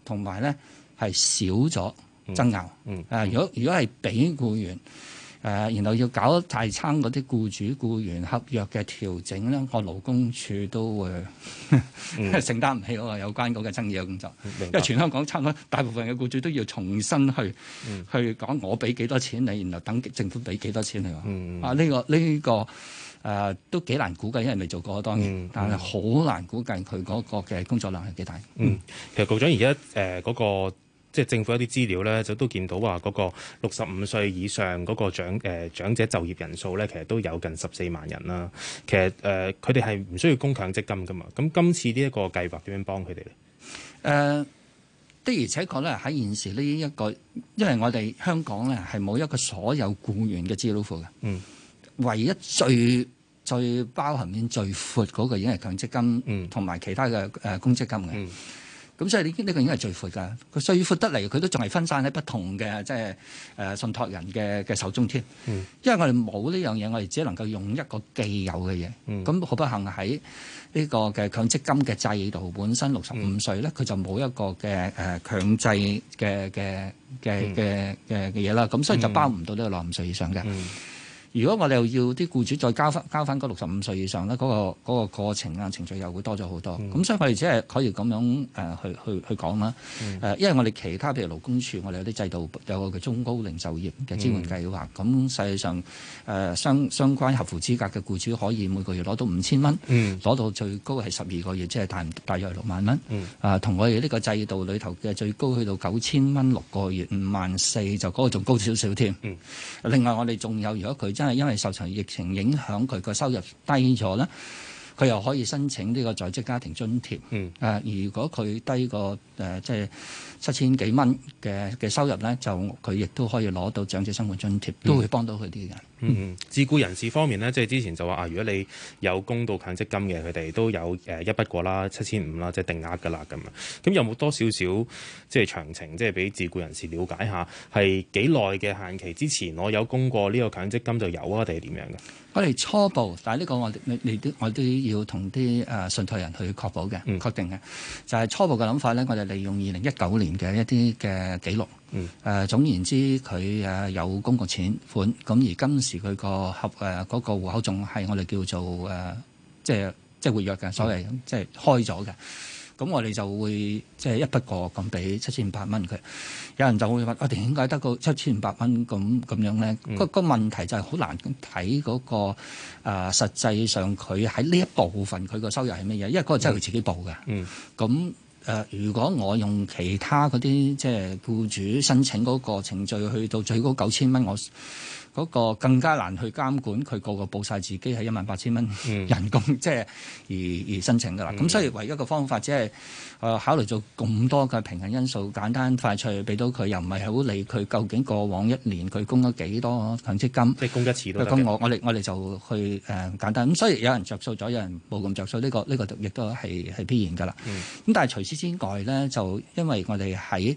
同埋咧。係少咗爭拗，誒，如果如果係俾僱員誒、呃，然後要搞大餐嗰啲僱主僱員合約嘅調整咧，我勞工處都會 承擔唔起嗰個有關嗰個爭議嘅工作，因為全香港差唔多大部分嘅僱主都要重新去白去講我俾幾多錢你，然後等政府俾幾多錢你，嗯、啊呢、這個呢、這個誒、呃、都幾難估計，因為未做過當然，但係好難估計佢嗰個嘅工作量係幾大。嗯，其實局長而家誒嗰個。即係政府一啲資料咧，就都見到話嗰個六十五歲以上嗰個長誒、呃、長者就業人數咧，其實都有近十四萬人啦。其實誒，佢哋係唔需要供強積金㗎嘛。咁今次呢一個計劃點樣幫佢哋咧？誒、呃、的而且確咧，喺現時呢、這、一個，因為我哋香港咧係冇一個所有僱員嘅資料庫嘅。嗯，唯一最最包含面最闊嗰個已經係強積金，同埋、嗯、其他嘅誒、呃、公積金嘅。嗯咁所以呢，呢個已經係最闊㗎，佢最闊得嚟佢都仲係分散喺不同嘅即係誒信託人嘅嘅手中添。嗯、因為我哋冇呢樣嘢，我哋只能夠用一個既有嘅嘢。咁好、嗯、不幸喺呢個嘅強積金嘅制度本身六十五歲咧，佢、嗯、就冇一個嘅誒、呃、強制嘅嘅嘅嘅嘅嘅嘢啦。咁、嗯、所以就包唔到呢個六十五歲以上嘅。嗯嗯嗯如果我哋又要啲雇主再交翻交翻六十五歲以上咧，嗰、那個嗰、那個、過程啊程序又會多咗好多。咁、嗯、所以我哋只係可以咁樣誒、呃、去去去講啦。誒、呃，因為我哋其他譬如勞工處，我哋有啲制度有，有個叫中高齡就業嘅支援計劃。咁實際上誒、呃、相相關合乎資格嘅雇主可以每個月攞到五千蚊，攞、嗯、到最高係十二個月，即係大大約六萬蚊。啊、呃，同我哋呢個制度裏頭嘅最高去到九千蚊六個月，五萬四就嗰個仲高少少添。另外我哋仲有，如果佢。因為因為受場疫情影響，佢個收入低咗啦。佢又可以申請呢個在職家庭津貼。誒，嗯、如果佢低過誒，即係七千幾蚊嘅嘅收入咧，就佢亦都可以攞到長者生活津貼，嗯、都會幫到佢啲人。嗯，嗯、自雇人士方面咧，即係之前就話啊，如果你有供到強積金嘅，佢哋都有誒一筆過啦，七千五啦，即係定額噶啦咁啊。咁有冇多少少即係詳情，即係俾自雇人士了解下，係幾耐嘅限期之前我有供過呢個強積金就有啊，定係點樣嘅？我哋初步，但係呢個我哋你你都我都要同啲誒信託人去確保嘅，確定嘅，就係、是、初步嘅諗法咧。我哋利用二零一九年嘅一啲嘅記錄，誒、呃、總言之佢誒有公共錢款，咁而今時佢、呃那個合誒嗰個戶口仲係我哋叫做誒、呃，即係即係活躍嘅，所謂即係開咗嘅。咁我哋就會即係一筆過咁俾七千五百蚊佢，有人就會問我點解得個七千五百蚊咁咁樣咧？個個、嗯、問題就係好難睇嗰、嗰個啊、呃，實際上佢喺呢一部分佢個收入係乜嘢？因為嗰個真係佢自己報嘅。咁誒、嗯嗯呃，如果我用其他嗰啲即係僱主申請嗰個程序去到最高九千蚊，我。嗰個更加難去監管，佢個個報晒自己係一萬八千蚊人工，即係而而申請㗎啦。咁、 嗯、所以唯一個方法只係誒考慮做咁多嘅平衡因素，簡單快脆俾到佢，又唔係好理佢究竟過往一年佢供咗幾多強積金，即係供一次都。咁我我哋我哋就去誒簡單咁，所以有人着數咗，有人冇咁着數，呢、呢個呢、呢個亦都係係必然㗎啦。咁、嗯、但係除此之外咧，就因為我哋喺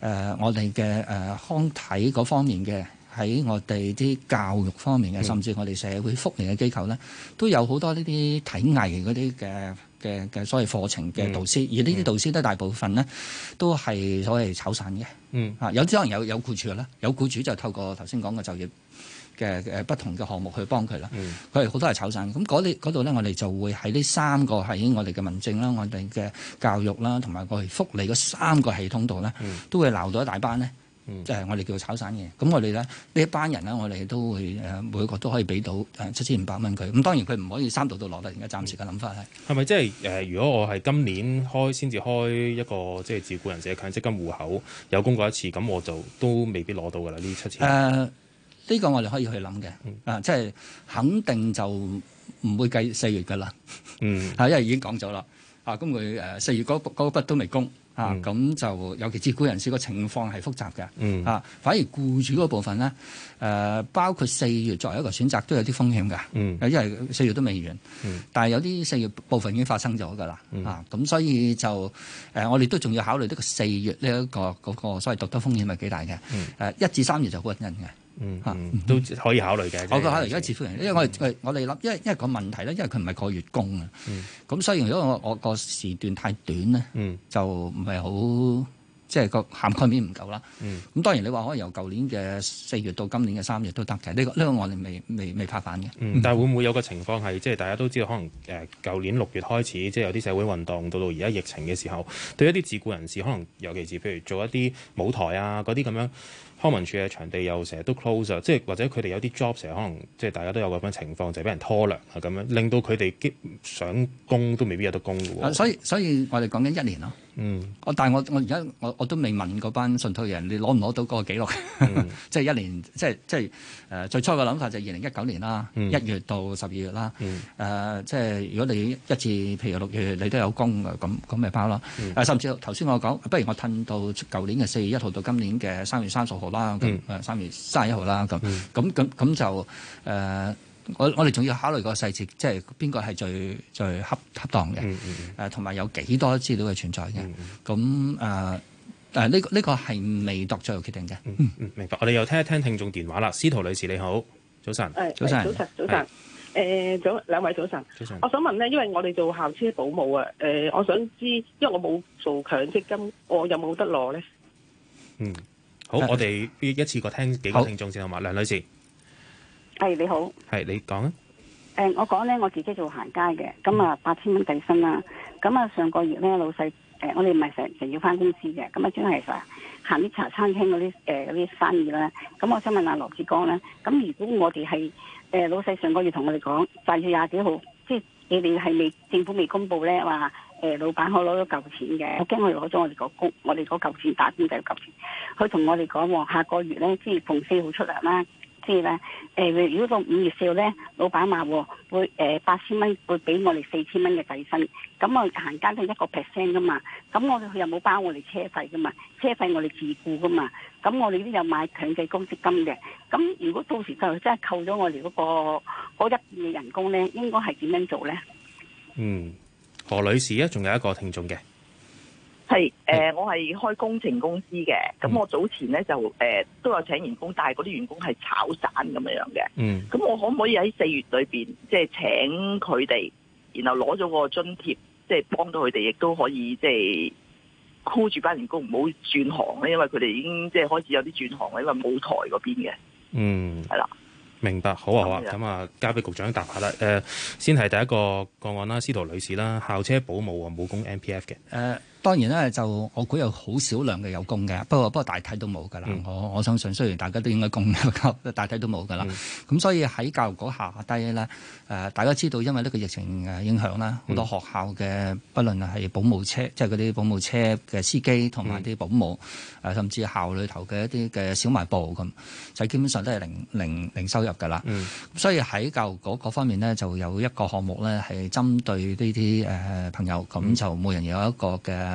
誒我哋嘅誒康體嗰方面嘅。喺我哋啲教育方面嘅，甚至我哋社會福利嘅機構咧，都有好多呢啲體藝嗰啲嘅嘅嘅所謂課程嘅導師，嗯、而呢啲導師咧大部分咧都係所謂炒散嘅。嗯，啊有啲可能有有僱主啦，有僱主，主就透過頭先講嘅就業嘅誒不同嘅項目去幫佢啦。佢係好多係炒散嘅。咁嗰度咧，我哋就會喺呢三個喺我哋嘅民政啦、我哋嘅教育啦、同埋我哋福利嗰三個系統度咧，都會鬧到一大班咧。即係我哋叫做炒散嘅，咁我哋咧呢一班人咧，我哋都會誒每個都可以俾到誒七千五百蚊佢。咁當然佢唔可以三度都攞得。而家暫時嘅諗法係。係咪即係誒、呃？如果我係今年開先至開一個即係自雇人士嘅強積金戶口有供過一次，咁我就都未必攞到㗎啦呢七千錢。呢、呃呢個我哋可以去諗嘅，啊，即係肯定就唔會計四月㗎啦。嗯，啊， 因為已經講咗啦，啊，咁佢誒四月嗰、嗰、嗰、個嗰個、筆都未供。啊，咁就、嗯、尤其自雇人士個情況係複雜嘅。嗯，啊，反而僱主嗰部分咧，誒、呃、包括四月作為一個選擇都有啲風險嘅。嗯，因為四月都未完。嗯，但係有啲四月部分已經發生咗㗎啦。嗯、啊，咁所以就誒、呃，我哋都仲要考慮呢、這個四月呢一個嗰個所謂獨特風險係幾大嘅。嗯，一至三月就個人嘅。嗯嚇，嗯都可以考慮嘅。嗯、是我個考慮而家自僱人，因為我我我哋諗，因為因為個問題咧，因為佢唔係個月供啊。咁、嗯、所以如果我我個時段太短咧，嗯、就唔係好即係個涵蓋面唔夠啦。咁、嗯、當然你話可能由舊年嘅四月到今年嘅三月都得嘅。呢個呢個我哋未未未拍板嘅。嗯、但係會唔會有個情況係即係大家都知道，可能誒舊年六月開始，即係有啲社會運動，到到而家疫情嘅時候，對一啲自僱人士，可能尤其係譬如做一啲舞台啊嗰啲咁樣。康文署嘅場地又成日都 close 啊，即係或者佢哋有啲 job 成日可能即係大家都有咁樣情況，就係、是、俾人拖糧啊咁樣，令到佢哋激想供都未必有得供嘅喎。所以所以我哋講緊一年咯。嗯，但我但係我我而家我我都未問嗰班信託人，你攞唔攞到嗰個記錄？ 即係一年，即係即係誒最初嘅諗法就係二零一九年啦，一、嗯、月到十二月啦。誒、嗯呃，即係如果你一次，譬如六月你都有工嘅，咁咁咪包咯。誒，嗯、甚至頭先我講，不如我褪到舊年嘅四月一號到今年嘅三月三十號啦。誒，三、嗯呃、月三十一號啦。咁咁咁咁就誒。我我哋仲要考慮個細節，即係邊個係最最恰恰當嘅，誒同埋有幾多資料嘅存在嘅，咁誒誒呢個呢個係未度最後決定嘅。明白。我哋又聽一聽聽眾電話啦，司徒女士你好早早晨，早晨，早晨，早晨是，早晨。誒早兩位早晨，早晨我想問呢，因為我哋做校車保姆啊，誒、呃，我想知，因為我冇做強積金，我有冇得攞咧？嗯，好，我哋一次過聽幾個聽眾先好嘛，梁女士。係你好，係你講啊？誒、嗯，我講咧，我自己做行街嘅，咁啊八千蚊底薪啦，咁啊上個月咧老細，誒、呃、我哋唔係成成日要翻公司嘅，咁啊真係行啲茶餐廳嗰啲誒啲生意啦，咁我想問下羅致光咧，咁如果我哋係誒老細上個月同我哋講，大約廿幾號，即係你哋係未政府未公布咧話，誒、呃、老闆可攞到舊錢嘅，我驚佢攞咗我哋嗰公，我哋嗰舊錢打工仔舊錢，佢同我哋講話下個月咧即係逢四號出糧啦。即係咧，誒，如果到五月四號咧，老闆話，會誒八千蚊會俾我哋四千蚊嘅底薪，咁啊行加都一個 percent 噶嘛，咁我哋佢又冇包我哋車費噶嘛，車費我哋自雇噶嘛，咁我哋都有買強制公積金嘅，咁如果到時就真係扣咗我哋嗰個嗰一半嘅人工咧，應該係點樣做咧？嗯，何女士咧，仲有一個聽眾嘅。係誒、呃，我係開工程公司嘅。咁我早前咧就誒、呃、都有請員工，但係嗰啲員工係炒散咁樣樣嘅。嗯，咁我可唔可以喺四月裏邊即係請佢哋，然後攞咗個津貼，即係幫到佢哋，亦都可以即係箍住班員工，唔好轉行咧。因為佢哋已經即係開始有啲轉行，因為舞台嗰邊嘅。嗯，係啦的，明白，好啊，好啊。咁啊，交俾局長答下啦。誒、就是，先係第一個個案啦，司徒女士啦，校車保姆啊，冇供 MPF 嘅。誒、呃。當然咧，就我估有好少量嘅有供嘅，不過不過大體都冇噶啦。嗯、我我相信，雖然大家都應該供嘅，大體都冇噶啦。咁、嗯、所以喺教育局下低咧，誒、呃、大家知道，因為呢個疫情誒影響啦，好多學校嘅，不論係保姆車，即係嗰啲保姆車嘅司機同埋啲保姆，誒、呃、甚至校裏頭嘅一啲嘅小賣部咁，就基本上都係零零零收入噶啦。嗯、所以喺教育局嗰方面呢，就有一個項目呢，係針對呢啲誒朋友，咁就每人有一個嘅。誒誒、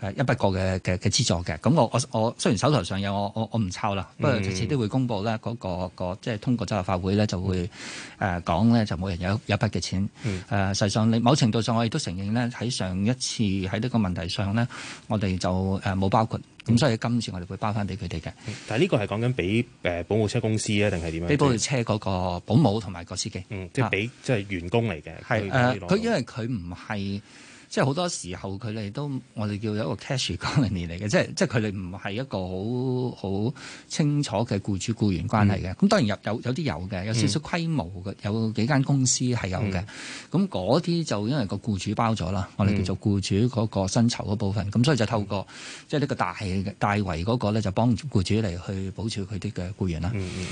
呃、一筆過嘅嘅嘅資助嘅，咁、嗯、我我我雖然手頭上有我我我唔抄啦，不過就遲啲都會公佈咧嗰個，個，個即係通過立法會咧就會誒、呃、講咧就冇人有一筆嘅錢誒。實、呃、際上你某程度上我亦都承認咧喺上一次喺呢個問題上咧，我哋就誒冇、呃、包括，咁所以今次我哋會包翻俾佢哋嘅。但係呢個係講緊俾誒保姆車公司、嗯、啊，定係點啊？俾保姆車嗰個保姆同埋個司機，即係俾即係員工嚟嘅。係佢的、呃、因為佢唔係。即係好多時候，佢哋都我哋叫有一個 cash 管理嚟嘅，即係即係佢哋唔係一個好好清楚嘅僱主僱員關係嘅。咁、嗯、當然有有有啲有嘅，有少少規模嘅，嗯、有幾間公司係有嘅。咁嗰啲就因為個僱主包咗啦，我哋叫做僱主嗰個薪酬嗰部分。咁、嗯、所以就透過即係呢個大大圍嗰個咧，就幫僱主嚟去保住佢啲嘅僱員啦。誒、嗯，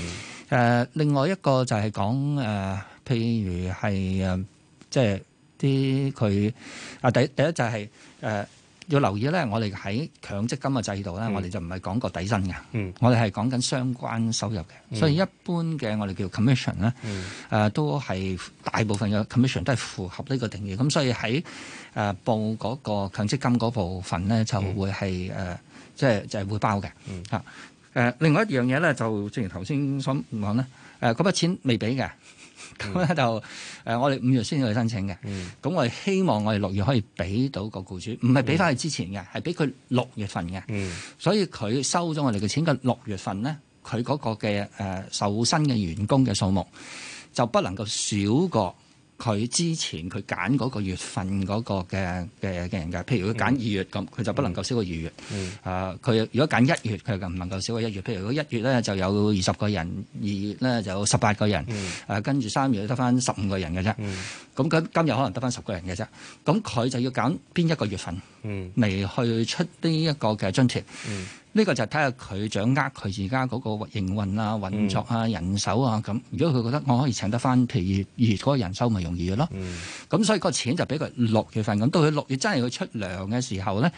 嗯、另外一個就係講誒、呃，譬如係誒，即係。啲佢啊，第一第一就係、是、誒、呃、要留意咧，我哋喺強積金嘅制度咧，我哋就唔係講個底薪嘅，嗯，我哋係講緊相關收入嘅，所以一般嘅我哋叫 commission 咧、呃，嗯，都係大部分嘅 commission 都係符合呢個定義，咁所以喺誒、呃、報嗰個強積金嗰部分咧就會係誒即係就係、是、會包嘅，嗯，嚇、啊、另外一樣嘢咧就正如頭先所講咧，誒嗰筆錢未俾嘅。咁咧就誒、mm. 呃，我哋五月先去申請嘅。咁、mm. 我哋希望我哋六月可以俾到個雇主，唔係俾翻佢之前嘅，係俾佢六月份嘅。Mm. 所以佢收咗我哋嘅錢嘅六月份咧，佢嗰個嘅誒、呃、受薪嘅員工嘅數目就不能夠少過。佢之前佢揀嗰個月份嗰個嘅嘅嘅人嘅，譬如佢揀二月咁，佢、嗯、就不能夠少過二月。誒、嗯，佢、啊、如果揀一月，佢就唔能夠少過一月。譬如如果一月咧就有二十個人，二月咧就有十八個人，誒、嗯啊、跟住三月得翻十五個人嘅啫。咁、嗯嗯、今今日可能得翻十個人嘅啫。咁佢就要揀邊一個月份？嚟去出呢一個嘅津貼，呢、嗯、個就睇下佢掌握佢而家嗰個營運啊、運作啊、人手啊咁。如果佢覺得我可以請得翻，譬如嗰個人手咪容易嘅咯。咁、嗯、所以個錢就俾佢六月份。咁到佢六月真係佢出糧嘅時候咧。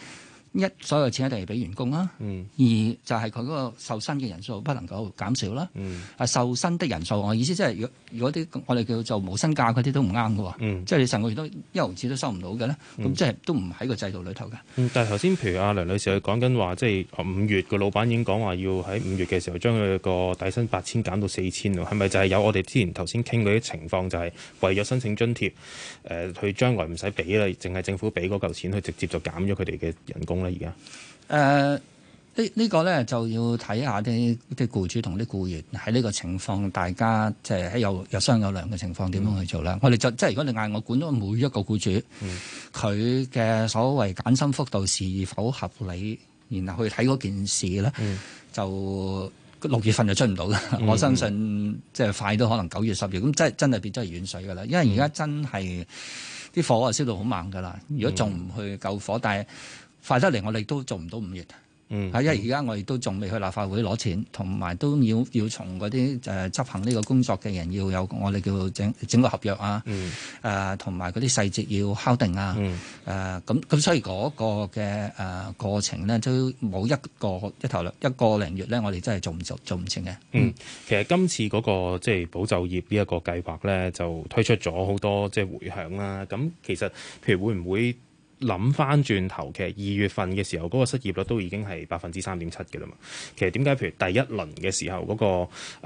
一所有錢一定係俾員工啦、啊，二、嗯、就係佢嗰個受薪嘅人數不能夠減少啦。啊，嗯、受薪的人數，我意思即係若如果啲我哋叫做無薪假嗰啲都唔啱嘅喎，嗯、即係你成個月都一毫子都收唔到嘅咧，咁、嗯、即係都唔喺個制度裏頭嘅、嗯。但係頭先譬如阿梁女士佢講緊話，即係五月個老闆已經講話要喺五月嘅時候將佢個底薪八千減到四千喎，係咪就係有我哋之前頭先傾嗰啲情況，就係為咗申請津貼，誒、呃，佢將來唔使俾啦，淨係政府俾嗰嚿錢佢直接就直接減咗佢哋嘅人工。啦，而家誒，呃這個、呢呢個咧就要睇下啲啲僱主同啲僱員喺呢個情況，大家即係有有商有量嘅情況，點樣去做啦？嗯、我哋就即係如果你嗌我管咗每一個僱主，佢嘅、嗯、所謂減薪幅度是否合理，然後去睇嗰件事咧，嗯、就六月份就出唔到啦。嗯、 我相信即係快都可能九月、月、十月咁，真真係變咗係遠水噶啦。因為而家真係啲火啊，燒到好猛噶啦。如果仲唔去救火，但係。快得嚟，我哋都做唔到五月。嗯，係因為而家我哋都仲未去立法會攞錢，同埋都要要從嗰啲誒執行呢個工作嘅人要有我哋叫做整整個合約啊。嗯。同埋嗰啲細節要敲定啊。嗯。咁咁、呃、所以嗰個嘅誒、呃、過程咧，都冇一個一頭零一個零月咧，我哋真係做唔做做唔成嘅。嗯，其實今次嗰、那個即係保就業呢一個計劃咧，就推出咗好多即係迴響啦。咁其實譬如會唔會？諗翻轉頭，其實二月份嘅時候嗰個失業率都已經係百分之三點七嘅啦嘛。其實點解？譬如第一輪嘅時候嗰個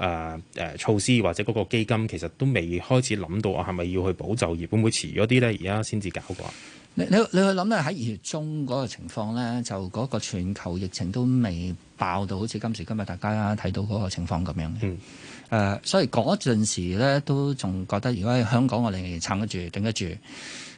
誒、誒、措施或者嗰個基金，其實都未開始諗到啊，係咪要去補就業？會唔會遲咗啲咧？而家先至搞啩？你你你去諗咧，喺二月中嗰個情況咧，就嗰個全球疫情都未爆到好似今時今日大家睇到嗰個情況咁樣嘅。嗯、呃。所以嗰陣時咧都仲覺得，如果喺香港，我哋撐得住，頂得住。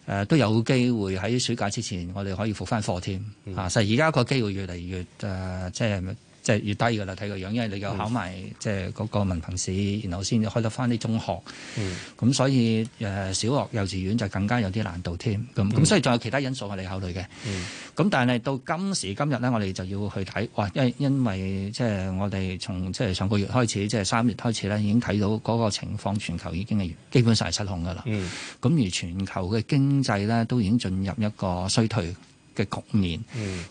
誒都有機會喺暑假之前，我哋可以復翻課添啊！嗯、其實而家個機會越嚟越誒、呃，即係。即係越低㗎啦，睇個樣，因為你又考埋的即係嗰、那個文憑試，然後先至開得翻啲中學。嗯的，咁所以誒、呃、小學幼稚園就更加有啲難度添。咁咁所以仲有其他因素我哋考慮嘅。嗯的，咁但係到今時今日咧，我哋就要去睇，哇！因為因為即係我哋從即係上個月開始，即係三月開始咧，已經睇到嗰個情況，全球已經係基本上係失控㗎啦。嗯的，咁的而全球嘅經濟咧，都已經進入一個衰退，退，嘅局面，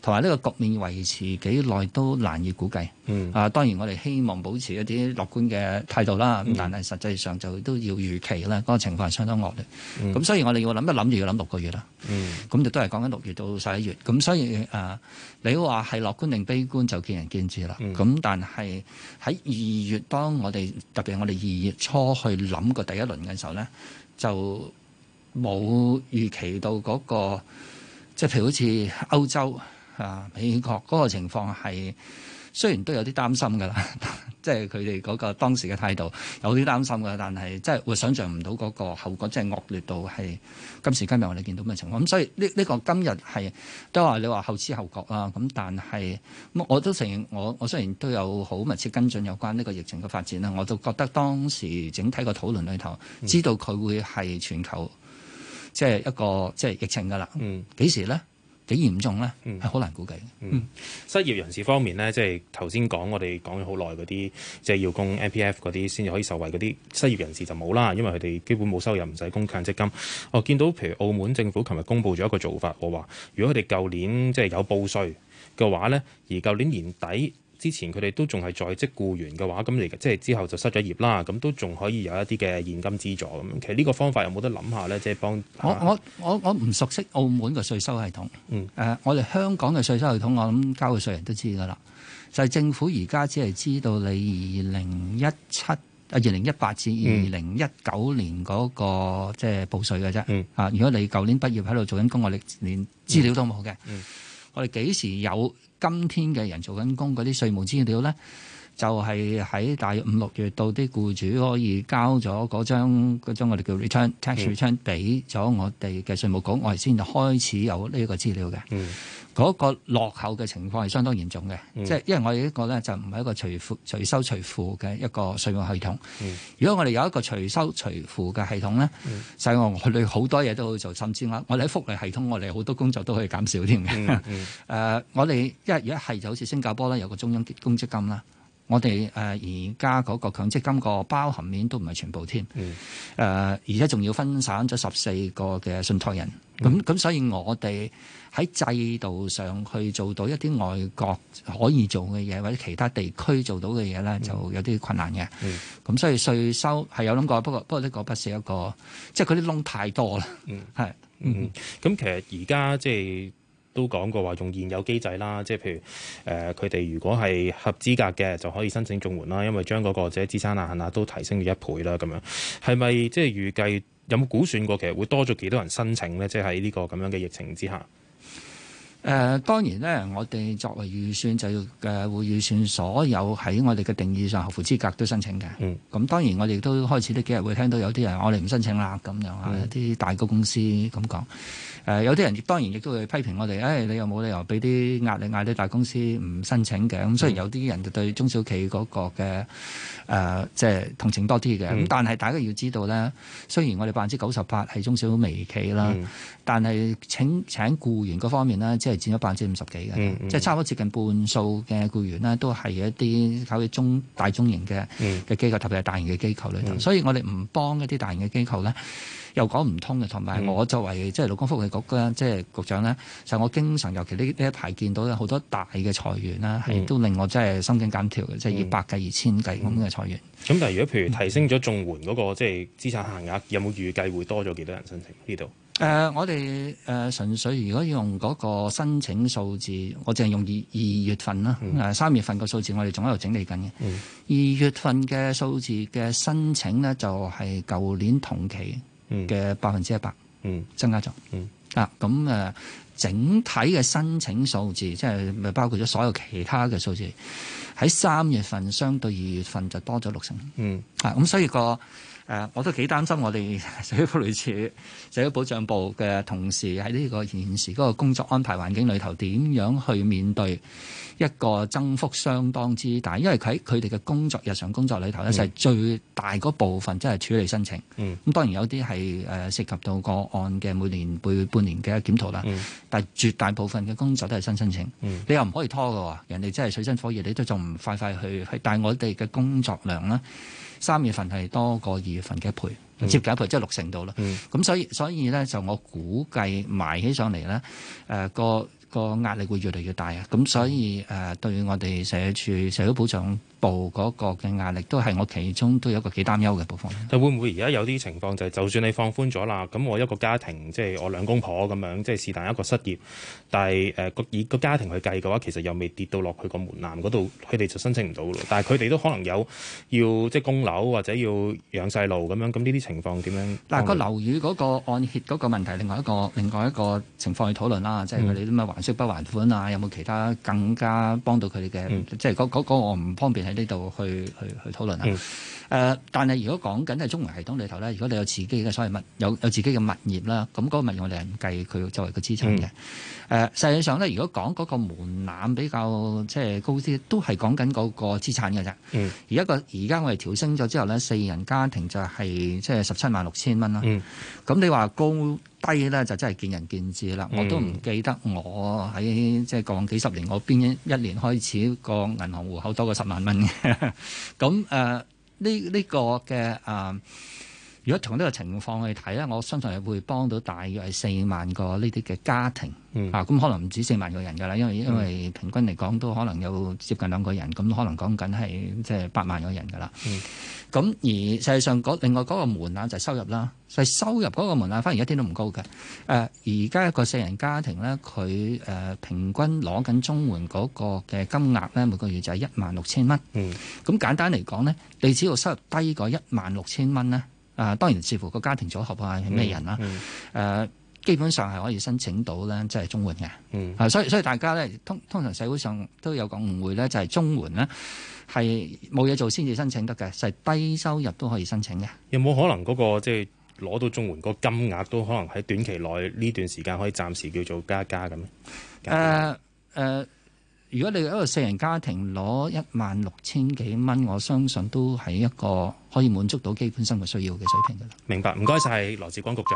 同埋呢個局面維持幾耐都難以估計。嗯、啊，當然我哋希望保持一啲樂觀嘅態度啦。嗯、但係實際上就都要預期啦，嗰、嗰個情況係相當惡劣。咁、嗯、所以我哋要諗一諗就要諗六個月啦。咁就都係講緊六月到十一月。咁所以啊，你話係樂觀定悲觀就見仁見智啦。咁、嗯、但係喺二月，當我哋特別係我哋二月初去諗個第一輪嘅時候咧，就冇預期到嗰、嗰個。即係譬如好似歐洲啊、美國嗰個情況係，雖然都有啲擔心㗎啦， 即係佢哋嗰個當時嘅態度有啲擔心㗎，但係即係會想像唔到嗰個後果，即係惡劣到係今時今日我哋見到咁嘅情況。咁所以呢呢個今日係都話你話後知後覺啦。咁但係我都承認我，我我雖然都有好密切跟進有關呢個疫情嘅發展啦，我就覺得當時整體個討論裏頭，知道佢會係全球。即係一個即係疫情㗎啦，嗯，幾時咧？幾嚴重咧？係好難估計嘅。嗯，失業人士方面咧，即係頭先講，我哋講咗好耐嗰啲，即係要供 MPF 嗰啲先至可以受惠，嗰啲失業人士就冇啦，因為佢哋基本冇收入，唔使供強積金。我、哦、見到譬如澳門政府琴日公布咗一個做法，我話如果佢哋舊年即係、就是、有報稅嘅話咧，而舊年年底。之前佢哋都仲係在職僱員嘅話，咁嚟即係之後就失咗業啦，咁都仲可以有一啲嘅現金資助咁。其實呢個方法有冇得諗下咧？即係幫我我我我唔熟悉澳門嘅稅收系統。嗯，誒、呃，我哋香港嘅稅收系統，我諗交過稅人都知噶啦。就係政府而家只係知道你二零一七啊二零一八至二零一九年嗰個即係報稅嘅啫。嗯啊，如果你舊年畢業喺度做緊工，我哋連資料都冇嘅。嗯。嗯。我哋幾時有今天嘅人做緊工嗰啲稅務資料呢？就係喺大約五六月到啲僱主可以交咗嗰張，張我哋叫 return tax return，俾咗我哋嘅稅務局我哋先就開始有呢個資料嘅。嗰、嗯、個落後嘅情況係相當嚴重嘅，即係、嗯、因為我哋呢個咧就唔係一個隨付隨收隨付嘅一個稅務系統。嗯、如果我哋有一個隨收隨付嘅系統咧，使、嗯、我我哋好多嘢都可以做，甚至我我哋喺福利系統我哋好多工作都可以減少添嘅。誒、嗯，我、嗯、哋、嗯 呃、因為如果係就好似新加坡咧有個中央公積金啦。我哋誒而家嗰個強積金個包含面都唔係全部添，誒、嗯呃、而且仲要分散咗十四個嘅信託人，咁咁、嗯、所以我哋喺制度上去做到一啲外國可以做嘅嘢，或者其他地區做到嘅嘢咧，就有啲困難嘅。咁、嗯嗯、所以稅收係有諗過，不過不過呢個不是一個，即係嗰啲窿太多啦。嗯，係是，嗯，咁、嗯、其實而家即係。都講過話用現有機制啦，即係譬如誒，佢、呃、哋如果係合資格嘅，就可以申請綜援啦，因為將嗰個即係資產啊、額都提升咗一倍啦，咁樣係咪即係預計有冇估算過其實會多咗幾多人申請呢？即係喺呢個咁樣嘅疫情之下，誒、呃、當然呢，我哋作為預算就要誒、呃、會預算所有喺我哋嘅定義上合乎資格都申請嘅。嗯，咁當然我哋都開始呢幾日會聽到有啲人話我哋唔申請啦，咁樣啊啲大個公司咁講。誒、呃、有啲人亦當然亦都會批評我哋，誒、哎、你又冇理由俾啲壓力嗌啲大公司唔申請嘅。咁雖然有啲人就對中小企嗰個嘅誒、呃、即係同情多啲嘅，咁、嗯、但係大家要知道咧，雖然我哋百分之九十八係中小微企啦，嗯、但係請請僱員嗰方面呢，即係佔咗百分之五十幾嘅，嗯嗯、即係差唔多接近半數嘅僱員呢，都係一啲考嘅中大中型嘅嘅、嗯、機構特別係大型嘅機構裏頭，嗯嗯、所以我哋唔幫一啲大型嘅機構咧。又講唔通嘅，同埋我作為即係勞工福利局嘅即係局長咧，嗯、就我經常尤其呢呢一排見到有好多大嘅裁員啦，係、嗯、都令我真係心境緊條嘅，即、就、係、是、以百計、以千計咁嘅裁員。咁、嗯嗯嗯、但係如果譬如提升咗綜援嗰個即係資產限額，有冇預計會多咗幾多人申請呢度？誒、呃，我哋誒純粹如果用嗰個申請數字，我淨係用二二月份啦。三、嗯、月份個數字我哋仲喺度整理緊嘅。二、嗯、月份嘅數字嘅申請咧，就係舊年同期嘅百分之一百，增加咗、嗯嗯、啊！咁、嗯、誒，整體嘅申請數字，即係咪包括咗所有其他嘅數字，喺三月份相對二月份就多咗六成。嗯，啊，咁所以個。誒、啊，我都幾擔心我哋社會福利署社會保障部嘅同事喺呢個現時嗰個工作安排環境裏頭，點樣去面對一個增幅相當之大，因為喺佢哋嘅工作日常工作裏頭咧，嗯、就係最大嗰部分，即係處理申請。咁、嗯、當然有啲係誒涉及到個案嘅每年半半年嘅檢討啦。嗯、但係絕大部分嘅工作都係新申請。嗯、你又唔可以拖㗎喎，人哋真係水深火熱，你都仲唔快快去？但係我哋嘅工作量咧。三月份係多過二月份嘅一倍，嗯、接近一倍，即、就、係、是、六成度啦。咁、嗯、所以所以咧，就我估計埋起上嚟咧，誒、呃、個個壓力會越嚟越大啊。咁所以誒、呃，對我哋社處社會保障部嗰個嘅壓力都係我其中都有一個幾擔憂嘅部分。就會唔會而家有啲情況就係，就算你放寬咗啦，咁我一個家庭，即係我兩公婆咁樣，即係是但一個失業，但係誒個以個家庭去計嘅話，其實又未跌到落去個門檻嗰度，佢哋就申請唔到咯。但係佢哋都可能有要即係供樓或者要養細路咁樣，咁呢啲情況點樣？嗱，個樓宇嗰個按揭嗰個問題，另外一個另外一個情況去討論啦，即係佢哋啲咩還息不還款啊？嗯、有冇其他更加幫到佢哋嘅？嗯、即係嗰嗰嗰個我唔方便呢度去去去討論啊！誒、呃，但係如果講緊係中型系統裏頭咧，如果你有自己嘅，所謂物有有自己嘅物業啦，咁嗰個物業我哋係唔計佢作為個資產嘅。誒、嗯呃，實際上咧，如果講嗰個門檻比較即係高啲，都係講緊嗰個資產嘅啫。嗯、而一個而家我哋調升咗之後咧，四人家庭就係即係十七萬六千蚊啦。咁、嗯、你話高？低咧就真係見仁見智啦，嗯、我都唔記得我喺即係過往幾十年，我邊一年開始個銀行戶口多過十萬蚊嘅，咁誒呢呢個嘅誒。呃如果從呢個情況去睇咧，我相信係會幫到大約係四萬個呢啲嘅家庭、嗯、啊。咁可能唔止四萬個人㗎啦，因為、嗯、因為平均嚟講都可能有接近兩個人咁，可能講緊係即係八萬個人㗎啦。咁、嗯、而實際上另外嗰個門檻就係收入啦，即、就是、收入嗰個門檻反而一啲都唔高嘅。誒、呃，而家一個四人家庭咧，佢誒、呃、平均攞緊綜援嗰個嘅金額咧，每個月就係一萬六千蚊。咁、嗯嗯、簡單嚟講呢，你只要收入低過一萬六千蚊咧。啊，當然，至乎個家庭組合啊，咩人啦、啊，誒、嗯嗯呃，基本上係可以申請到咧，即係綜援嘅。嗯，啊，所以所以大家咧，通通常社會上都有個誤會咧，就係綜援咧係冇嘢做先至申請得嘅，就係低收入都可以申請嘅。有冇可能嗰個即係攞到綜援嗰個金額，都可能喺短期內呢段時間可以暫時叫做加加咁咧？誒、嗯、誒。嗯嗯嗯如果你一個四人家庭攞一萬六千幾蚊，我相信都係一個可以滿足到基本生活需要嘅水平㗎啦。明白，唔該曬羅致光局長。